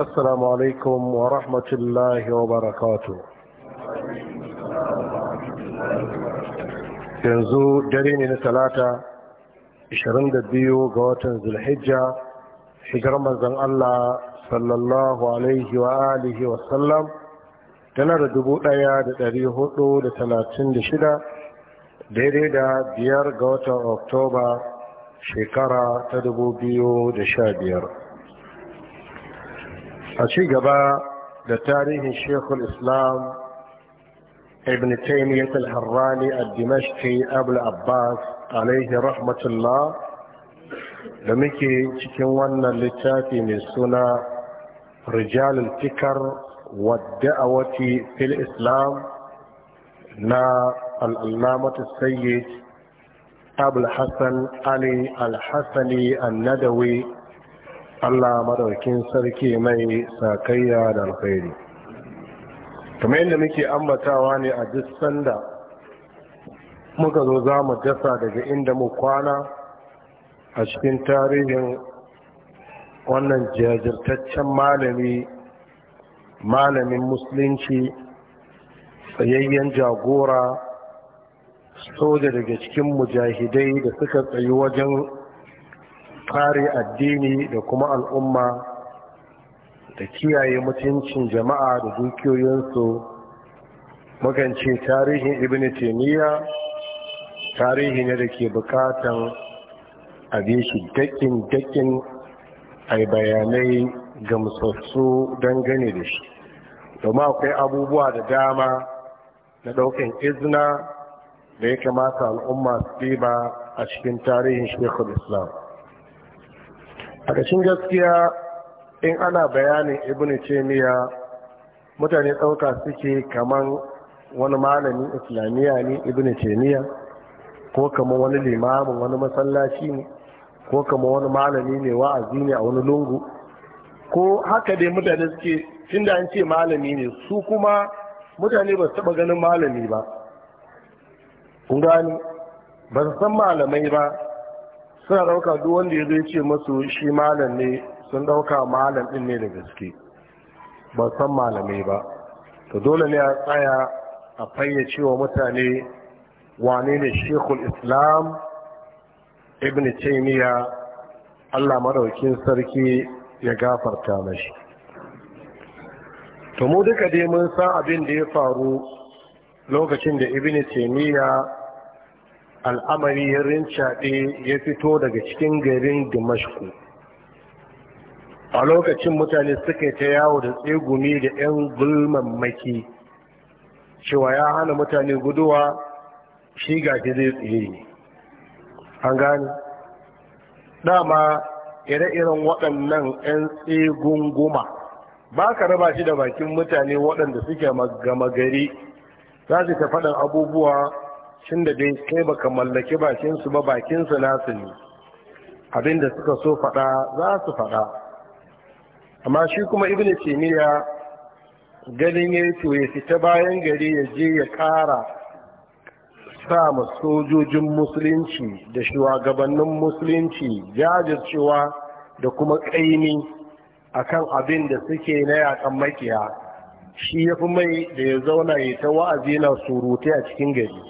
السلام عليكم ورحمة الله وبركاته yanzu dare ne na talata 22 ga watan zulhijja shigar manzan Allah sallallahu alaihi wa alihi wa sallam tana da shida, daidai da biyar ga watan oktoba shekara ta da sha biyar. a ci gaba da tarihin shekul islam ibn taymiyyat al-harrani ad-dimashqi abul abbas alaihi rahmatullah da muke cikin wannan littafi mai suna wadda a wati fil islam na al'allamatu sayyid abul hassan ali al-hassani an-nadawi Allah madaukin sarki mai sakayya da alkhairi kamar yadda muke ambatawa ne a duk sanda muka zo za mu dasa daga inda mu kwana a cikin tarihin wannan jajirtaccen malami malamin musulunci tsayayyen jagora soja daga cikin mujahidai da suka tsayi wajen kare addini da kuma al'umma da kiyaye mutuncin jama'a da dukiyoyinsu magance tarihin ibn taimiyya tarihi ne da ke bukatan abin shi dakin dakin a bayanai gamsassu dangane da shi domin akwai abubuwa da dama na daukan izina da ya kamata al'umma su ba a cikin tarihin shekul islam a ƙashin gaskiya in ana bayanin ibn cemiya mutane ɗauka suke kaman wani malamin islamiyya ne ibn cemiya ko kaman wani limamin wani masallaci ne ko kaman wani malami ne wa'azi ne a wani lungu ko haka dai mutane suke tun da an ce malami ne su kuma mutane ba su taɓa ganin malami ba kun ba su san malamai ba suna ɗauka duk wanda ya zai ce masu shi malam ne sun ɗauka malam ɗin ne da gaske ba san malamai ba to dole ne a tsaya a fayyace wa mutane wane ne shekul islam ibn taimiyya allah maraukin sarki ya gafarta mashi to mu duka dai mun san abin da ya faru lokacin da ibn taimiyya al'amari ya rincaɗe ya fito daga cikin garin dimashku a lokacin mutane suka ta yawo da tsegumi da 'yan gulman maki cewa ya hana mutane guduwa shi gashi zai tsiri an gani dama ire-iren waɗannan 'yan tsegunguma ba ka raba shi da bakin mutane waɗanda suke gama gari za su ta faɗin abubuwa cin da dai kai baka mallaki bakinsu ba bakinsu nasu ne abinda suka so faɗa za su faɗa amma shi kuma ibn timiya ganin ya to ya fita bayan gari ya je ya ƙara sa ma sojojin musulunci da shugabannin musulunci jajircewa da kuma ƙaimi akan abin da suke na yakan makiya shi ya fi mai da ya zauna ya ta wa'azi na surutai a cikin gari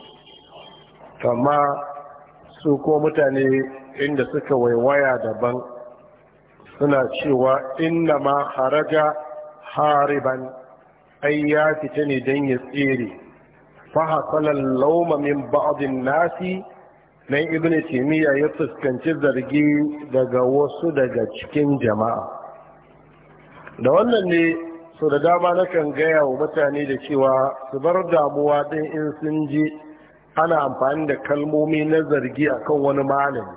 kama su ko mutane inda suka waiwaya daban suna cewa inna ma haraja hariban ai ya fita ne don ya tsere fahasalan lauma min ba'adin nasi nan ibn timiya ya fuskanci zargi daga wasu daga cikin jama'a da wannan ne so da dama na kan gaya wa mutane da cewa su bar damuwa ɗin in sun ji ana amfani da kalmomi na zargi akan wani malami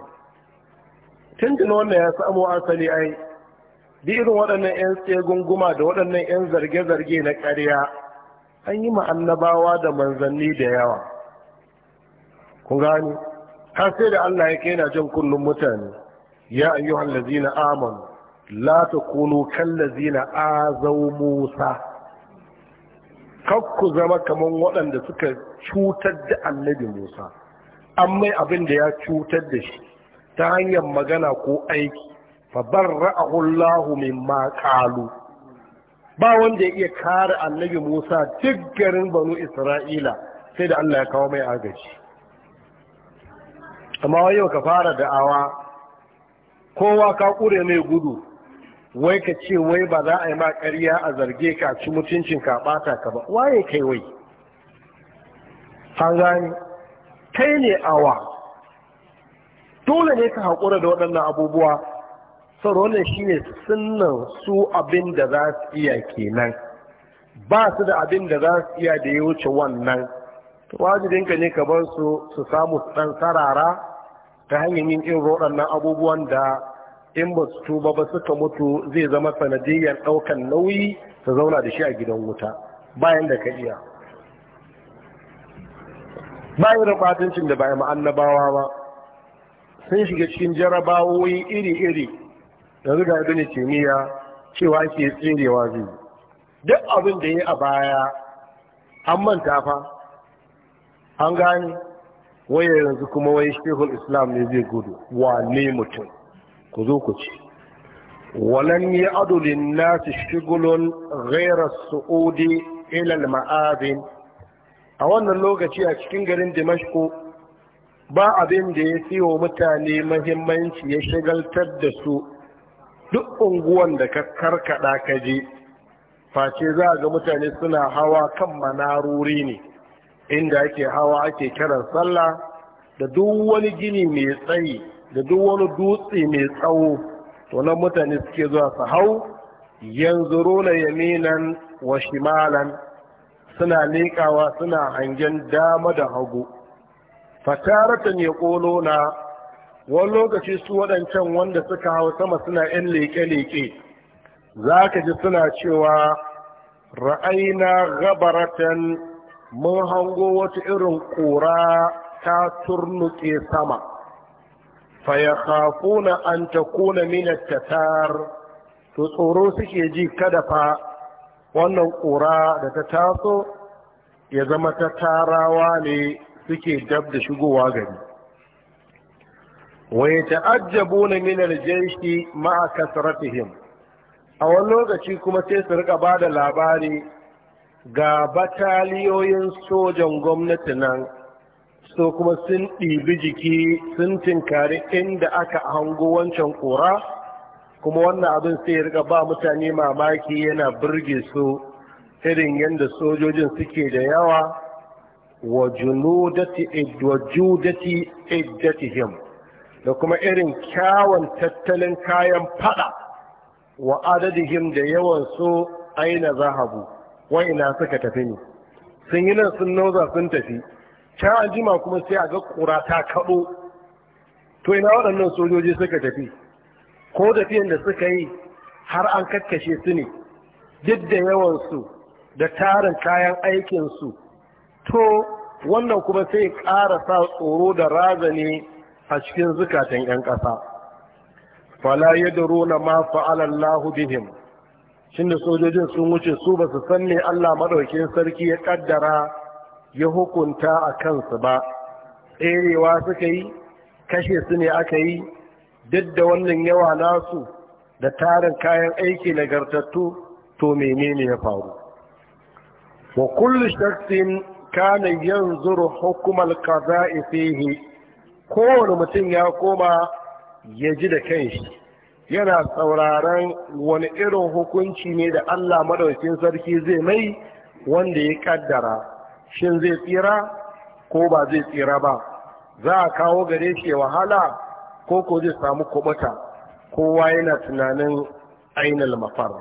tunjin wannan ya samu asali ai bi irin waɗannan 'yan tsegunguma da waɗannan 'yan zarge-zarge na ƙarya an yi ma'annabawa da manzanni da yawa kun gani har sai da allah ya kaina jin kullum mutane ya hallazi lazina amon la takunu kan lazina azau musa kakku zama kamar waɗanda suka cutar da annabi musa an mai abin da ya cutar da shi ta hanyar magana ko aiki fa ra'a Allahu mai maƙalu. ba wanda ya iya kare annabi Musa duk garin banu Isra'ila sai da Allah ya kawo mai agaji amma wani yau ka fara da'awa kowa ka ƙure mai gudu wai ka ce wai ba za a yi ma ƙarya a zarge ka ci mutuncin ka ɓata ka ba waye kai wai Ka gani, kai ne awa dole ne ka haƙura da waɗannan abubuwa saboda shi shine sunan su abin da za su iya kenan ba su da abin da za su iya da ya wuce wannan wajibinka ne ka bar su su samu ɗan sarara ta hanyar yin irin waɗannan abubuwan da in ba su tuba ba suka mutu zai zama sanadiyyar ɗaukan nauyi su zauna da shi a gidan wuta bayan da ka iya ba irin da ba yi annabawa ba sun shiga cikin jarabawoyi iri-iri da zuga ga ne taymiya cewa ke tserewa zai duk abin da ya a baya an manta fa an gane waye yanzu kuma wai shekul islam ne zai gudu ne mutum ku zo ku ce. walan ya adulin nasu shigulun gairar su'udi ilal ma'azin a wannan lokaci a cikin garin dimashko ba abin da ya wa mutane mahimmanci ya shigaltar da su duk unguwan da ka karkada ka je face za ga mutane suna hawa kan manaruri ne inda ake hawa ake kiran sallah da duk wani gini mai tsayi da duk wani dutse mai tsawo to nan mutane suke zuwa su hau yanzu rona yaminan wa shimalan suna leƙawa suna hangen dama da hagu fataratan ya ƙolo na wani lokaci su waɗancan wanda suka hau sama suna ‘yan leƙe-leƙe za ka ji suna cewa ra'aina gabaratan mun hango wata irin ƙura ta turnuke sama kafuna an ta kuna at-tatar to tsoro suke ji kada fa wannan ƙura da ta taso ya zama ta tarawa ne suke dab da shigowa gari wai ajabu na minar jeshi ma'a kasratihim a wani lokaci kuma sai su riƙa ba da labari ga bataliyoyin sojan gwamnati nan so kuma sun ɗibi jiki sun tinkari inda aka hango wancan ƙura kuma wannan abin sai rika ba mutane mamaki yana burge su irin yadda sojojin suke da yawa wa junudati iddatihim da kuma irin kyawun tattalin kayan fada wa adadihim da yawan su aina zahabu ina suka tafi ne sun yi nan sun nauza sun tafi can jima kuma sai a ga kura ta kaɗo to ina waɗannan sojoji suka tafi ko tafiyan da suka yi har an kakkashe su ne duk da yawansu da tarin kayan aikinsu to wannan kuma sai ƙara sa tsoro da razani a cikin zukatan 'yan ƙasa fala ya daro na ma fa'alallahu bihim shin da sojojin sun wuce su ba su san ne Allah maɗaukin sarki ya ƙaddara ya hukunta a kansu ba tserewa suka yi kashe su ne aka yi duk da wannan yawa nasu da tarin kayan aiki na gartattu, to menene ya faru wa kullu shakkin kana yanzuru hukm al-qada'i fihi kowane mutum ya koma ya ji da kanshi yana sauraron wani irin hukunci ne da Allah madaukakin sarki zai mai wanda ya kaddara shin zai tsira ko ba zai tsira ba za a kawo gare shi wahala ko ko zai samu kubuta kowa yana tunanin ainihin mafar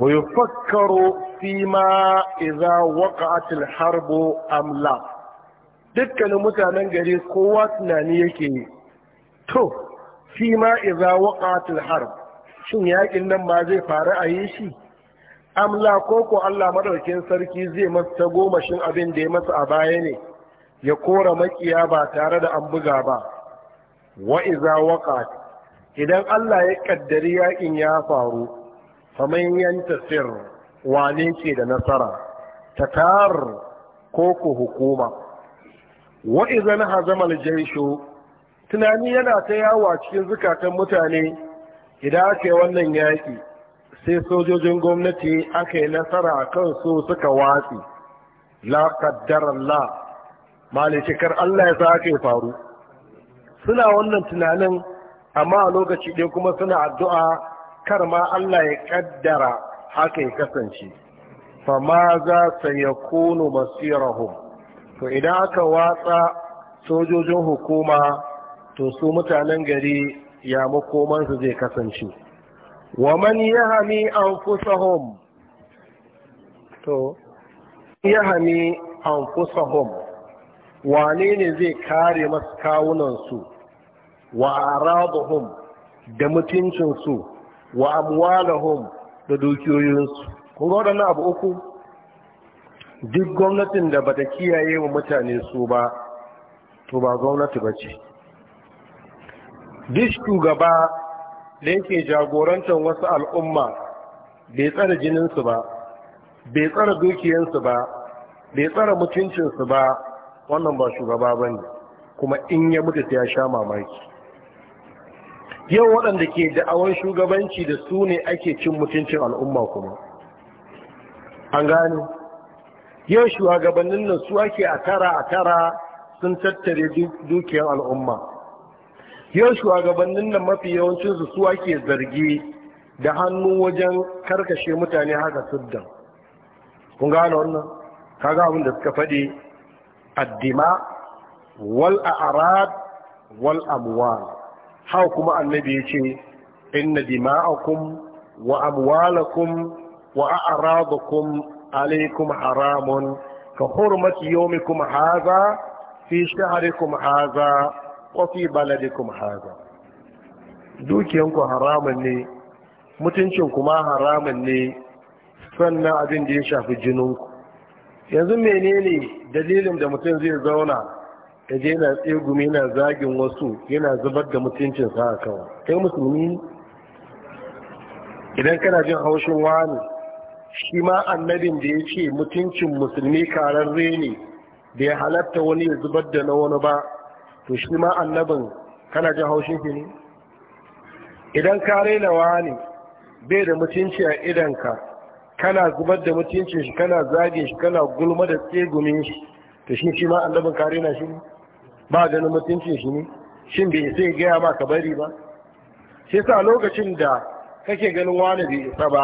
wa yufakkaru fi ma iza waqa'at harbo Amla? dukkanin mutanen gari kowa tunani yake yi to fi ma idza harb shin yakin nan ma zai faru a yi shi amla ko ko Allah madaukin sarki zai masa gomashin abin da ya masa a baya ne ya kora makiya ba tare da an buga ba Wa'iza iza idan Allah ya ƙaddari yaƙin ya faru yanta sir wane ce da nasara tatar ko ku hukuma wa na hazama jaisho, tunani yana ta yawa cikin zukatan mutane idan aka wannan yaƙi, sai sojojin gwamnati aka yi nasara a kan so suka watsi la kaddara Allah malikar Allah ya sa aka faru suna wannan tunanin amma a lokaci ɗaya kuma suna addu'a kar ma Allah ya ƙaddara haka ya kasance fama za su ya kono masirahum to idan aka watsa sojojin hukuma to su mutanen gari ya makomansu zai kasance wa man kusa anfusahum to kusa wane ne zai kare masu kawunansu wa arabuhum da mutuncinsu wa amwalahum da dukiyoyinsu kun ga waɗannan abu uku duk gwamnatin da bata kiyaye wa mutane su ba to ba gwamnati ba ce duk shugaba da yake jagorantar wasu al'umma bai tsara jininsu ba bai tsara dukiyansu ba bai tsara mutuncinsu ba wannan ba shugaba ba ne kuma in ya mutu ta ya sha mamaki yau waɗanda ke da'awar shugabanci da su ne ake cin mutuncin al'umma kuma an gane yau shugabannin nan su ake a tara a tara sun tattare dukiyar al'umma yau shugabannin nan mafi yawancinsu su ake zargi da hannu wajen karkashe mutane haka suddan kun gane wannan kaga abin da suka faɗi addima wal a'rad wal amwal hau kuma annabi ya ce inna dima'akum wa amwalakum wa a'radakum alaikum haramun ka hurmati yawmikum haza fi shahrikum haza wa fi baladikum haza dukiyanku haramun ne mutuncin kuma haramun ne sannan abin da ya shafi jinin ku yanzu menene dalilin da mutum zai zauna ya je yana tsegumi yana zagin wasu yana zubar da mutuncin sa a kawo. kai musulmi idan kana jin haushin wani shi ma annabin da ya ce mutuncin musulmi karar ne da ya halatta wani ya zubar da na wani ba to shi ma annabin kana jin haushin shi ne idan ka raina wani bai da mutunci a idanka kana zubar da mutuncin shi kana zagin shi kana gulma da tsegumin shi to shi shi ma annabin ka raina shi ne ba ganin mutuncin shi ne shin bai sai gaya ma ka bari ba sai sa lokacin da kake ganin wani bai isa ba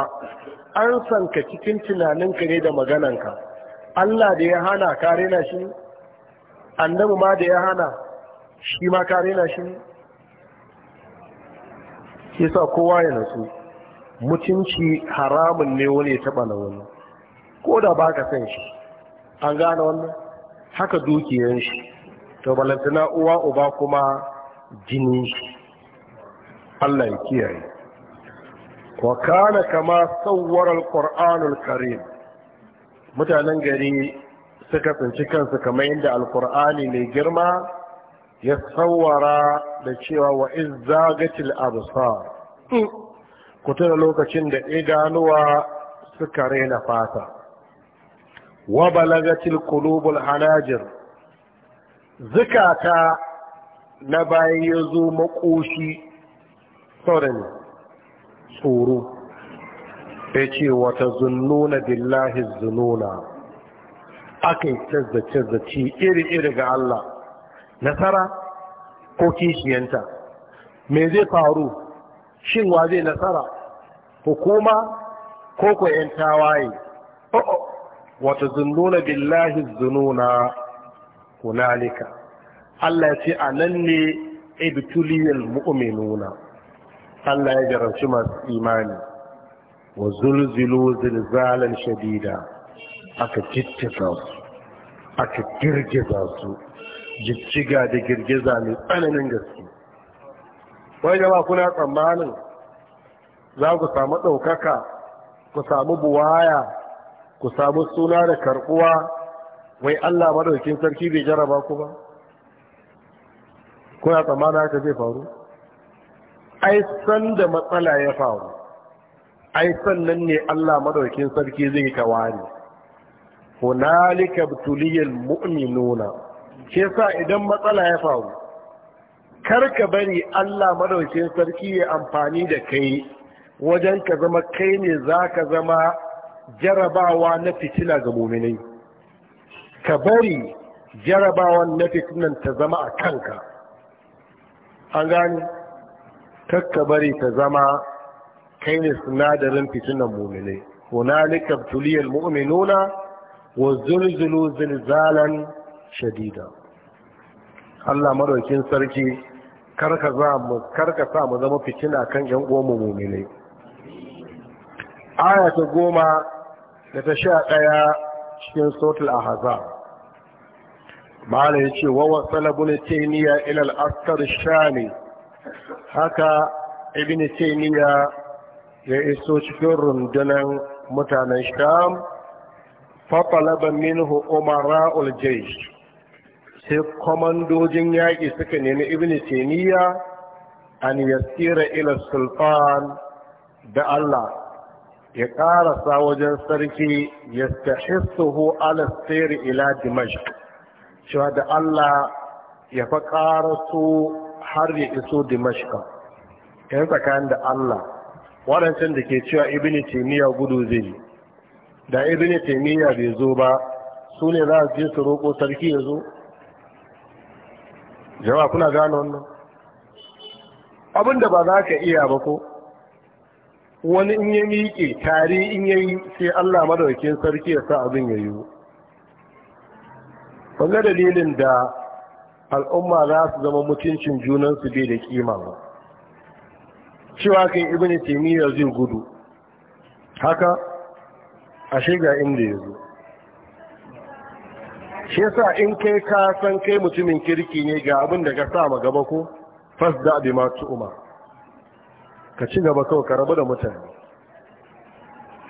an san ka cikin tunaninka ne da magananka Allah da ya hana ka rena shi annabi ma da ya hana shi ma ka rena shi sai sa kowa ya nasu mutunci haramun ne wani ya taba na wani ko da ba ka san shi an gane wannan haka dukiyar shi to balantana uwa uba kuma jini Allah ya kiyaye wa kana kama tsawwarar alqur'anul karim mutanen gari suka tsinci kansu kamar yadda alqur'ani mai girma ya tsawara da cewa wa izzagatil absar ku tuna lokacin da idanuwa suka rena fata wa balagatil qulubul hanajir zukata na bayan ya zo makoshi tsoron tsoro ya ce wata zununa billahi zununa aka yi cazzace-zace iri-iri ga Allah nasara ko kishiyanta me zai faru shin wa zai nasara hukuma ko ko 'yan tawaye oh, oh. wata zununa billahi zununa hunalika Allah ya ce a nan ne ibtuliyal mu'minuna Allah ya jaranci masu imani wa zulzilu zilzalan shadida aka jijjiga su aka girgiza su jijjiga da girgiza mai tsananin gaske wai jama kuna tsammanin za ku samu ɗaukaka ku samu buwaya ku samu suna da karɓuwa wai Allah madaukin sarki bai jaraba ku ba kuna tsammanin haka zai faru ai san da matsala ya faru ai sannan ne Allah madaukin sarki zai yi kawari hunalika btuliyal mu'minuna Ke sa idan matsala ya faru kar ka bari Allah madaukin sarki ya amfani da kai wajen ka zama kai ne zaka zama jarabawa na fitila ga mu'minai ka bari jarabawan na fitinan ta zama a kanka an gani kakka bari ta zama kai ne sinadarin fitinan mummune hunalika tuliyal mu'minuna wa zulzulu zilzalan shadida Allah madaukin sarki karka za mu sa mu zama fitina kan yan uwan mu aya ta goma da ta sha ɗaya cikin sautul ahaza malai yace wa wasala ibn taymiya ilal askar asr haka ibn taymiya ya iso cikin rundunan mutanen sham fatalaba minhu umara uljaish jaysh sai komandojin yaƙi suka nemi ibn taymiya an yasira ilal sultan da Allah ya karasa wajen sarki ya stahissuhu ala sirri ila dimashq cewa da Allah ya fa har ya iso dimashq yan tsakanin da Allah waɗancan da ke cewa ibn taymiya gudu zai yi da ibn taymiya bai zo ba su ne za su je su roƙo sarki ya zo jama'a kuna gano wannan abin da ba za ka iya ba ko wani in ya miƙe tare in ya yi sai Allah madaukin sarki ya sa abin ya yi wanda dalilin da al'umma za su zama mutuncin junansu bai da kima ba cewa kan ibini taimiyya zai gudu haka a shiga inda ya zo shi sa in kai ka san kai mutumin kirki ne ga abin da ka sa ma gaba ko fasda bi ma tu'uma ka ci gaba kawai ka rabu da mutane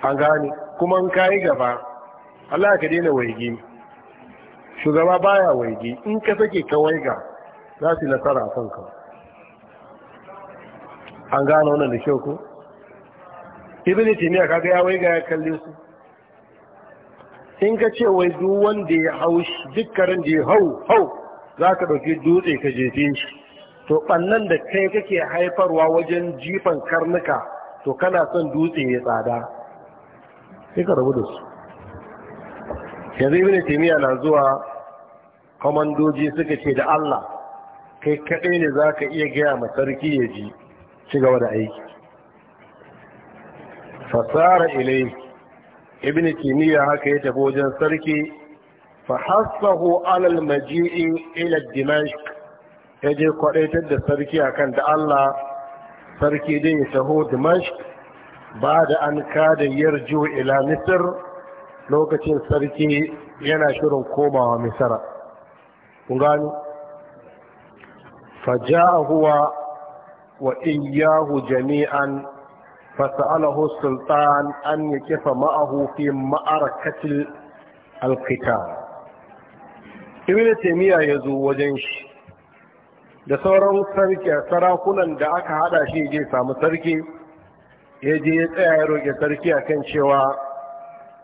an gane kuma in kayi gaba Allah ka daina waige shugaba baya waige in ka sake ka waiga za su nasara a ka an gane wannan da kyau ko ibn timiya kaga ya waiga ya kalle su in ka ce wai duk wanda ya hau duk karen da ya hau hau za ka ɗauki dutse ka jefe shi to ɓannan da kai kake haifarwa wajen jifan karnuka to kana son dutse ya tsada sai ka da su yanzu ibn na zuwa kwamandoji suka ce da Allah kai kaɗai ne za ka iya gaya ma sarki ya ji ci gaba da aiki fasara ilai ibn kimiyya haka ya tafi wajen sarki fa hasahu alal maji'i ila dimashq ya je kwadaitar da sarki akan da Allah sarki dai ya taho Dimashq ba da an da yarjo ila Misr lokacin sarki yana shirin komawa Misra kun gani faja'a huwa wa iyyahu jami'an فسأله السلطان أن ma'ahu fi ma'arakatil معركة ibn taymiya yazo wajen shi. da sauran sarakunan da aka hada shi je samu sarki ya je ya tsaya ya roƙe sarki a kan cewa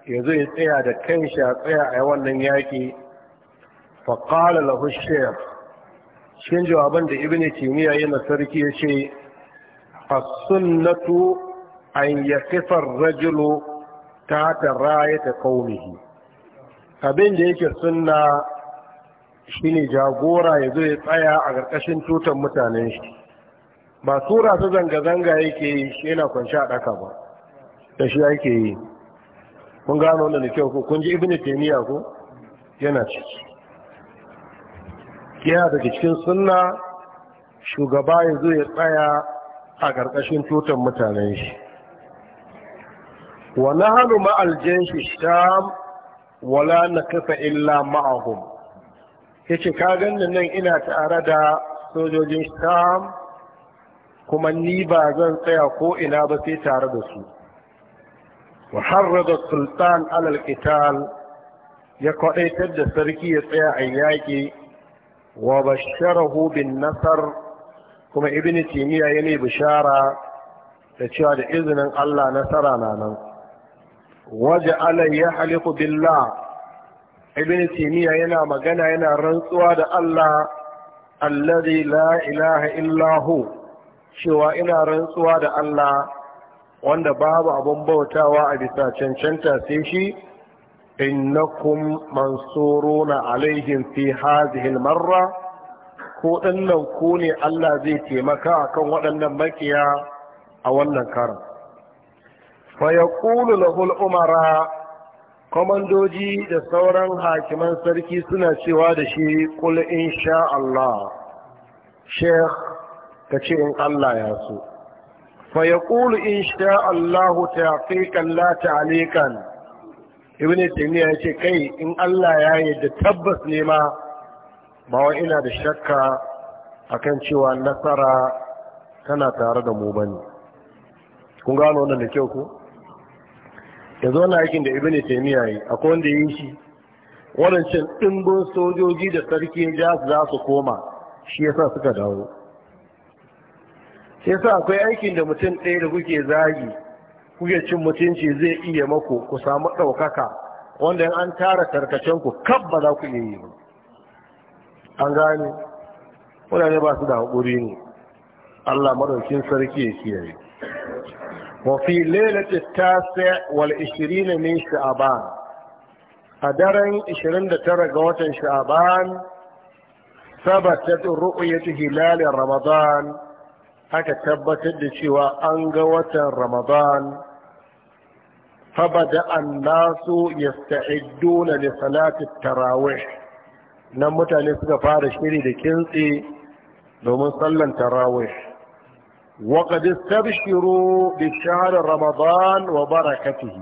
ya zo ya tsaya da kan shi a tsaya a wannan yaƙi faƙala lahu cikin jawaban da ibn timiya na sarki ya ce as-sunnatu an ya ar-rajulu ta ta ta qaumihi abin da yake sunna ne jagora ya zo ya tsaya a ƙarƙashin tutan mutanen shi ba tura ta zanga-zanga yake yi shi yana kwanci a ɗaka ba da shi yake yi kun gano wanda da kyau ko kun ji ibn taymiya ko yana ciki yana daga cikin sunna shugaba ya zo ya tsaya a ƙarƙashin tutan mutanen shi wa nahnu ma janshi sham wala nakasa illa ma'ahum ya ce kagan nan ina tare da sojojin sham kuma ni ba zan tsaya ko ina ba sai tare da su wa harrada sultan alal qital ya kwadaitar da sarki ya tsaya a yaƙi wa basharahu bin nasar kuma ibn timiya ya ne bishara da cewa da izinin Allah nasara na nan waje ala ya halifu billah ibn taymiya yana magana yana rantsuwa da Allah alladhi la ilaha illa hu cewa ina rantsuwa da Allah wanda babu abun bautawa a bisa cancanta sai shi innakum mansuruna alaihim fi hadhihi almarra ko dinnan ku ne Allah zai taimaka akan waɗannan makiya a wannan karan fa yaqulu lahu al-umara kwamandoji da sauran hakiman sarki suna cewa da shi kul insha Allah sheikh ka ce in Allah ya so fa ya kulu insha Allah kalla ta alikan ibn taymiya yace kai in Allah ya yarda tabbas ne ma ba wa ina da shakka akan cewa nasara tana tare da mu bane kun gano wannan da kyau ko yanzu na aikin da ibn taymiya yi akwai wanda yi shi wadancan dimbin sojoji da sarki ya za su koma shi yasa suka dawo Ya yasa akwai aikin da mutum ɗaya da kuke zagi kuke cin mutunci zai iya mako ku samu ɗaukaka wanda in an tara karkacen ku kab ba za ku iya yi ba an gane wadanda ba su da haƙuri ne Allah maɗaukin sarki ya kiyaye وفي ليلة التاسع والعشرين من شعبان أدرن عشرين ترى قوة شعبان ثبتت رؤية هلال رمضان aka tabbatar da cewa an ga watan ramadan fabada an nasu ya sta'idduna da salatin tarawih nan mutane suka fara shiri da kintse domin sallan tarawih وقد استبشروا بشهر رمضان وبركته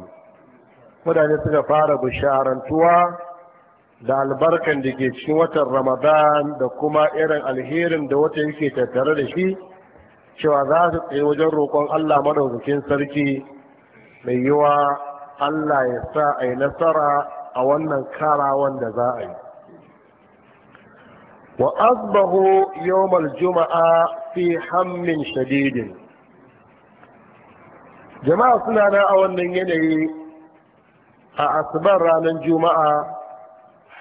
ne suka fara bisharantuwa da albarkan da ke cikin watan ramadan da kuma irin alherin da wata yake tattare da shi cewa za su tsaye wajen roƙon allah madaukakin sarki mai yiwa allah ya sa a yi nasara a wannan karawan da za a yi wa asbahu yawmal juma'a fi hammin shadidin jama'a suna na a wannan yanayi a asibar ranar juma'a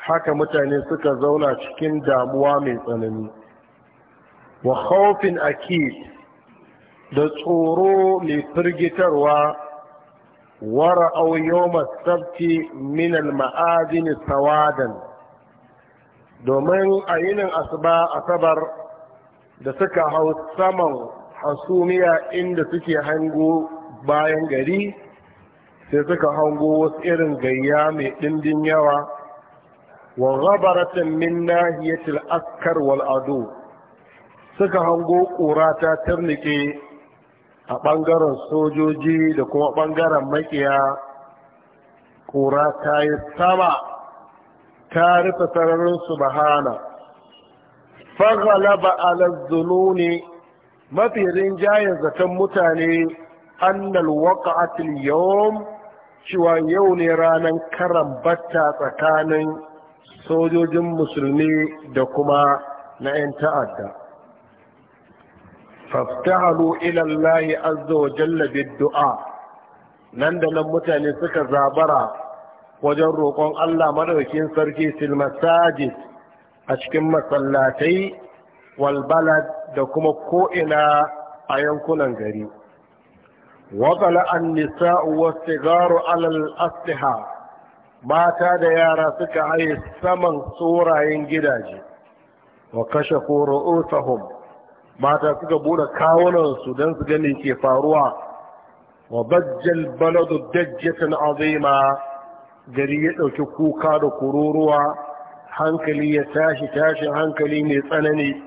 haka mutane suka zauna cikin damuwa mai tsanani wa haufin akid da tsoro mai firgitarwa wara yawma sabti min al-ma'adin sawadan domin a yinin asuba asabar da suka hau saman hasumiya inda suke hango bayan gari sai suka hango wasu irin gayya mai dindin yawa wa ghabaratan min nahiyatil askar wal ado suka hango ƙura ta tarnike a ɓangaren sojoji da kuma ɓangaren makiya ƙura ta yi sama ta rufe sararin subhana faghalaba ala ne mafi rinjayen zaton mutane annal waqa'atil yawm cewa yau ne ranar karambata tsakanin sojojin musulmi da kuma na 'yan ta'adda faftahalu ilallahi azza wa jalla du'a nan da nan mutane suka zabara wajen roƙon Allah madaukakin sarki silmasajid a cikin masallatai walbalad da kuma ko'ina a yankunan gari watsala an nisa'u wasu alal asliha mata da yara suka haye saman tsorayen gidaje wa kashe ru'usahum mata suka buɗe kawunansu don su gani ke faruwa wa bajjal baladu dajjatan azima gari ya ɗauki kuka da kururuwa hankali ya tashi tashin hankali mai tsanani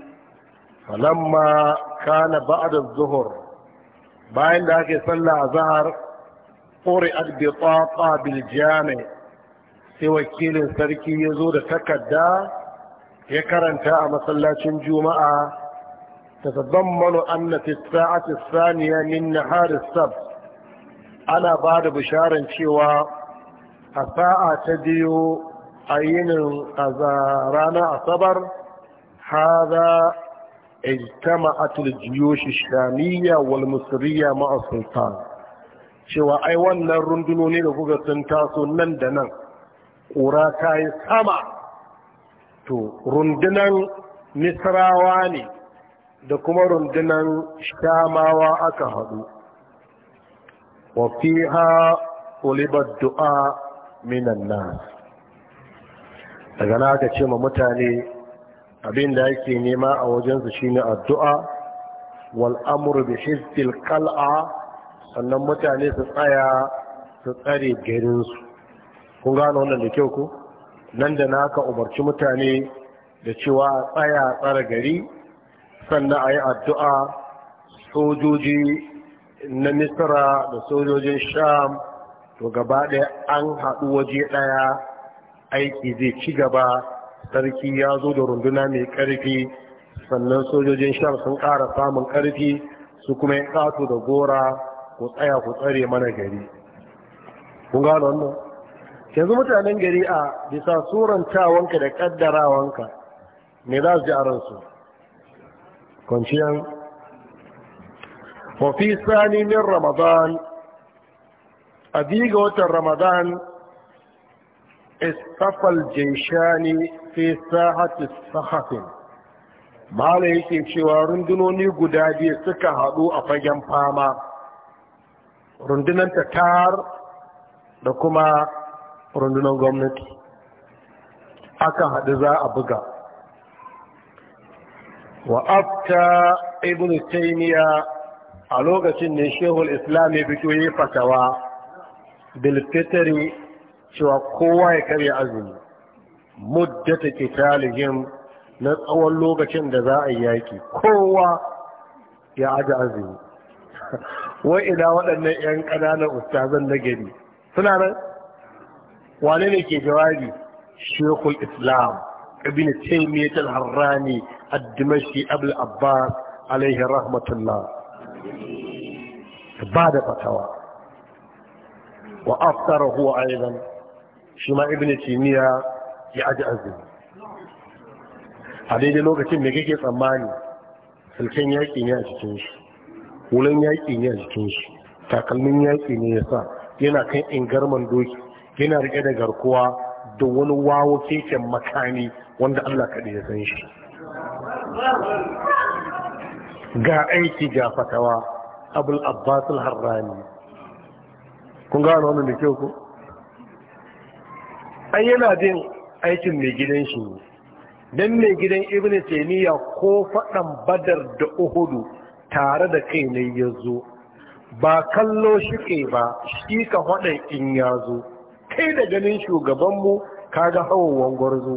falamma kana ba'da zuhur bayan da ake sallah Zahar, quri'at bi bil jami sai wakilin sarki ya zo da takarda ya karanta a masallacin juma'a tatadammanu anna fi sa'ati min nahar as ana ba da bisharan cewa a sa'a ta biyu a yinin a rana asabar haza اجتمعت الجيوش الشامية والمصرية ma'a السلطان cewa ai wannan rundunoni da kuka sun taso nan da nan ƙura ta yi sama to rundunan misrawa ne da kuma rundunan shamawa aka haɗu wa fiha ulibar du'a minan nas daga na aka ce ma mutane abin da yake nema a wajensu shi ne addu'a wal da bi kal'a, sannan mutane su tsaya su tsare garinsu kun gano wannan da kyau ku. nan da na aka umarci mutane da cewa tsaya tsara gari sannan a yi addu'a sojoji na misra da sojojin sham to gaba ɗaya an haɗu waje ɗaya aiki zai ci gaba sarki ya zo da runduna mai ƙarfi sannan sojojin sham sun ƙara samun ƙarfi su kuma ya ƙato da gora ku tsaya ku tsare mana gari kun gano wannan yanzu mutanen gari a bisa surantawanka da ƙaddarawanka me za su ji a ransu kwanciyan wafi sani min ramadan a biyu ga watan ramadan istafal jaishani fi sahati sahafin mala yake cewa rundunoni guda biyu suka haɗu a fagen fama rundunan tatar da kuma rundunan gwamnati aka haɗu za a buga wa afta ibn taymiya a lokacin ne shehul islam ya fito yi fatawa bilfitari cewa kowa ya karya azumi muddata qitalihim na tsawon lokacin da za a yi yaki kowa ya aji azumi wai ina waɗannan 'yan ƙananan ustazan na gari suna nan wane ne ke jawabi shekul islam ibn taymiyyah al-harrani ad-dimashqi abul abbas alayhi rahmatullah ba da fatawa wa aftara huwa aidan shi ma ibn timiya ya aji azumi a daidai lokacin da kake tsammani sulken yaƙi ne a cikin shi wulan yaƙi ne a cikin shi takalmin yaƙi ne ya sa yana kan ingarman doki yana rike da garkuwa da wani wawo keken makami wanda Allah kaɗe ya san shi ga aiki ga fatawa abul abbasul harrani kun gano wannan da kyau ko ai yana bin aikin mai gidan shi ne dan mai gidan ibn taimiyya ko faɗan badar da uhudu tare da kai ne yazo ba kallo shi kai ba shi ka fadan in yazo kai da ganin shugaban mu kaga hawan gwarzo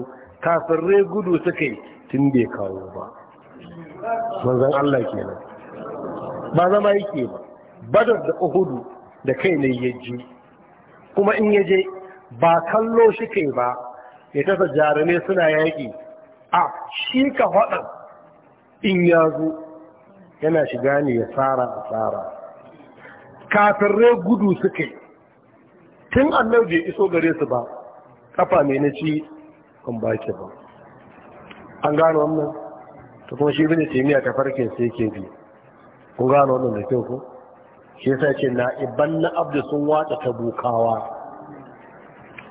rai gudu suka yi tun bai kawo ba manzan Allah kenan ba zama yake ba badar da uhudu da kai ne yaji kuma in yaje ba kallo shi kai ba ya tafa jarumai suna yaƙi a shi ka faɗan in ya zo yana shiga ne ya tsara a tsara rai gudu suke tun annabi bai iso gare su ba kafa mai na ci kan baki ba an gano wannan ta kuma shi bane taimiya ta farke sai ke bi kun gano wannan da kyau ko shi yasa ce na iban na abdu sun watsa ta bukawa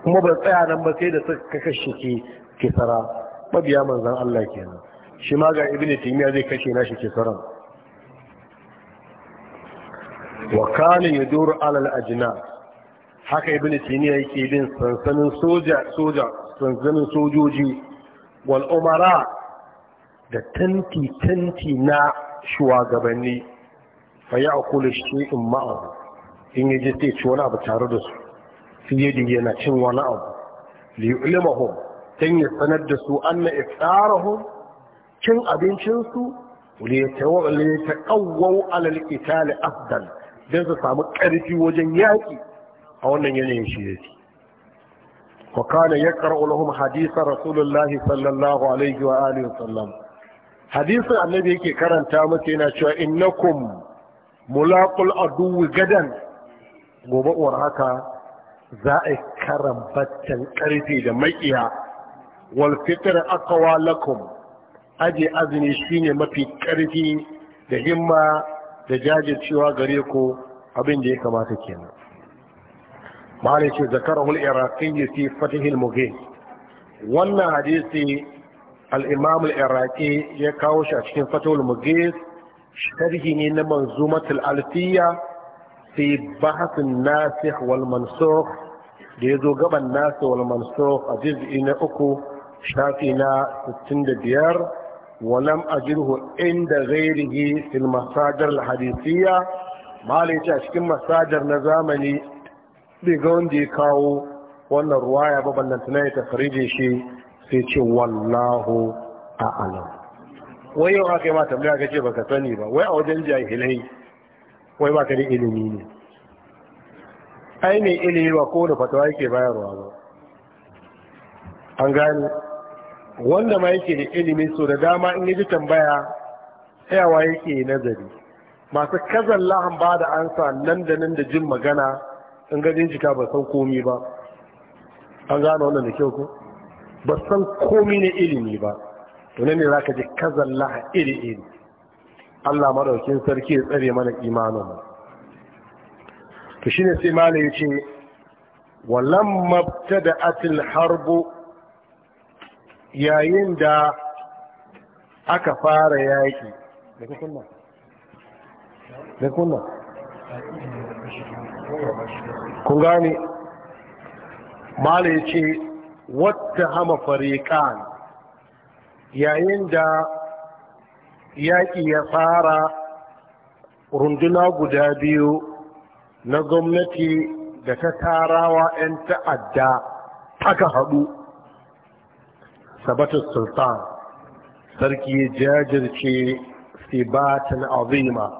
kuma ba tsaya nan ba sai da suka kashe ke kisara mabiya manzan Allah kenan shi ma ga ibnu taymiya zai kashe nashi kisaran wa ya yaduru alal ajna haka ibnu taymiya yake bin sansanin soja soja sansanin sojoji wal umara da tanti tanti na shugabanni fa ya'kulu shay'in shi in yaji sai ci wani abu tare da su fiye yana cin wani abu liyulimahum don ya sanar da su an na iftarahum cin abincinsu liyataqawwau alal qitali afdal don su samu ƙarfi wajen yaƙi a wannan yanayin shi ya yake wa kana yaqra'u lahum hadisa rasulullahi sallallahu alaihi wa alihi wa sallam hadisin annabi yake karanta masa yana cewa innakum mulaqul aduwwi gadan gobe uwar haka za a karan battan ƙarfi da maƙiya wal fitr lakum aje azumi shine mafi ƙarfi da himma da jajircewa gare ku abin da ya kamata kenan malai ce zakarahu al-iraqi fi fatihil mughin wannan hadisi al-imam ya kawo shi a cikin fatihul mughin sharhi ne na manzumatul alfiya fi bahasin nasih wal mansukh da ya zo gaban nasih wal mansukh a juz'i na uku shafi na 65 walam ajirhu inda ghairihi fil masajar hadisiya, malai ce a cikin masajar na zamani bai ga wanda ya kawo wannan ruwaya ba ballantana ya tafarijin shi sai ce wallahu a'alam wai yau aka yi ma tambaya ka ce baka sani ba wai a wajen jahilai wai ba ka da ilimi ne ai mai ilimi ba ko da fatawa yake bayarwa ba an gane wanda ma yake da ilimi so da dama in yaji tambaya tsayawa yake nazari masu kazan lahan ba da ansa nan da nan da jin magana in gajin jika ba san komi ba an gane wannan da kyau ko ba san komi na ilimi ba to ne za ka ji kazan laha iri iri Allah madaukin sarki ya tsare mana imanin mu to shine sai malai yace walamma btada'atil harbu yayin da aka fara yaki da kunna kun gane malai yace wata hama fariqan yayin da yaƙi ya fara runduna guda biyu na gwamnati da ta tarawa 'yan ta'adda aka haɗu sabatar sultan sarki jajirce sibatan azima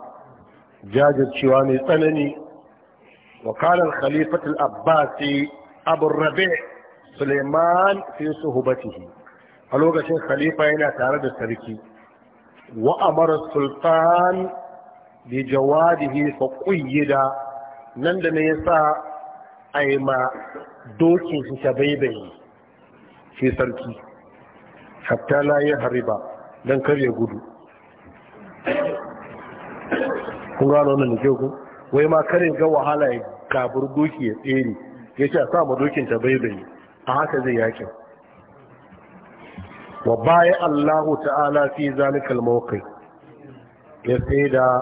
jajircewa mai tsanani wakalar khalifatul abbasi abin rabe suleiman fi suhubatihi a lokacin khalifa yana tare da sarki وأمر السلطان بجواده فقيد nan da na yasa a yi ma dokin ta baibayi sarki hatta ya hariba don kar gudu kun gano nan da ku wai ma karin ga wahala ya kabur doki ya tsere ya ce a sa ma dokin ta a haka zai yakin wa baya Allahu ta'ala fi zalikal mawqi ya sai da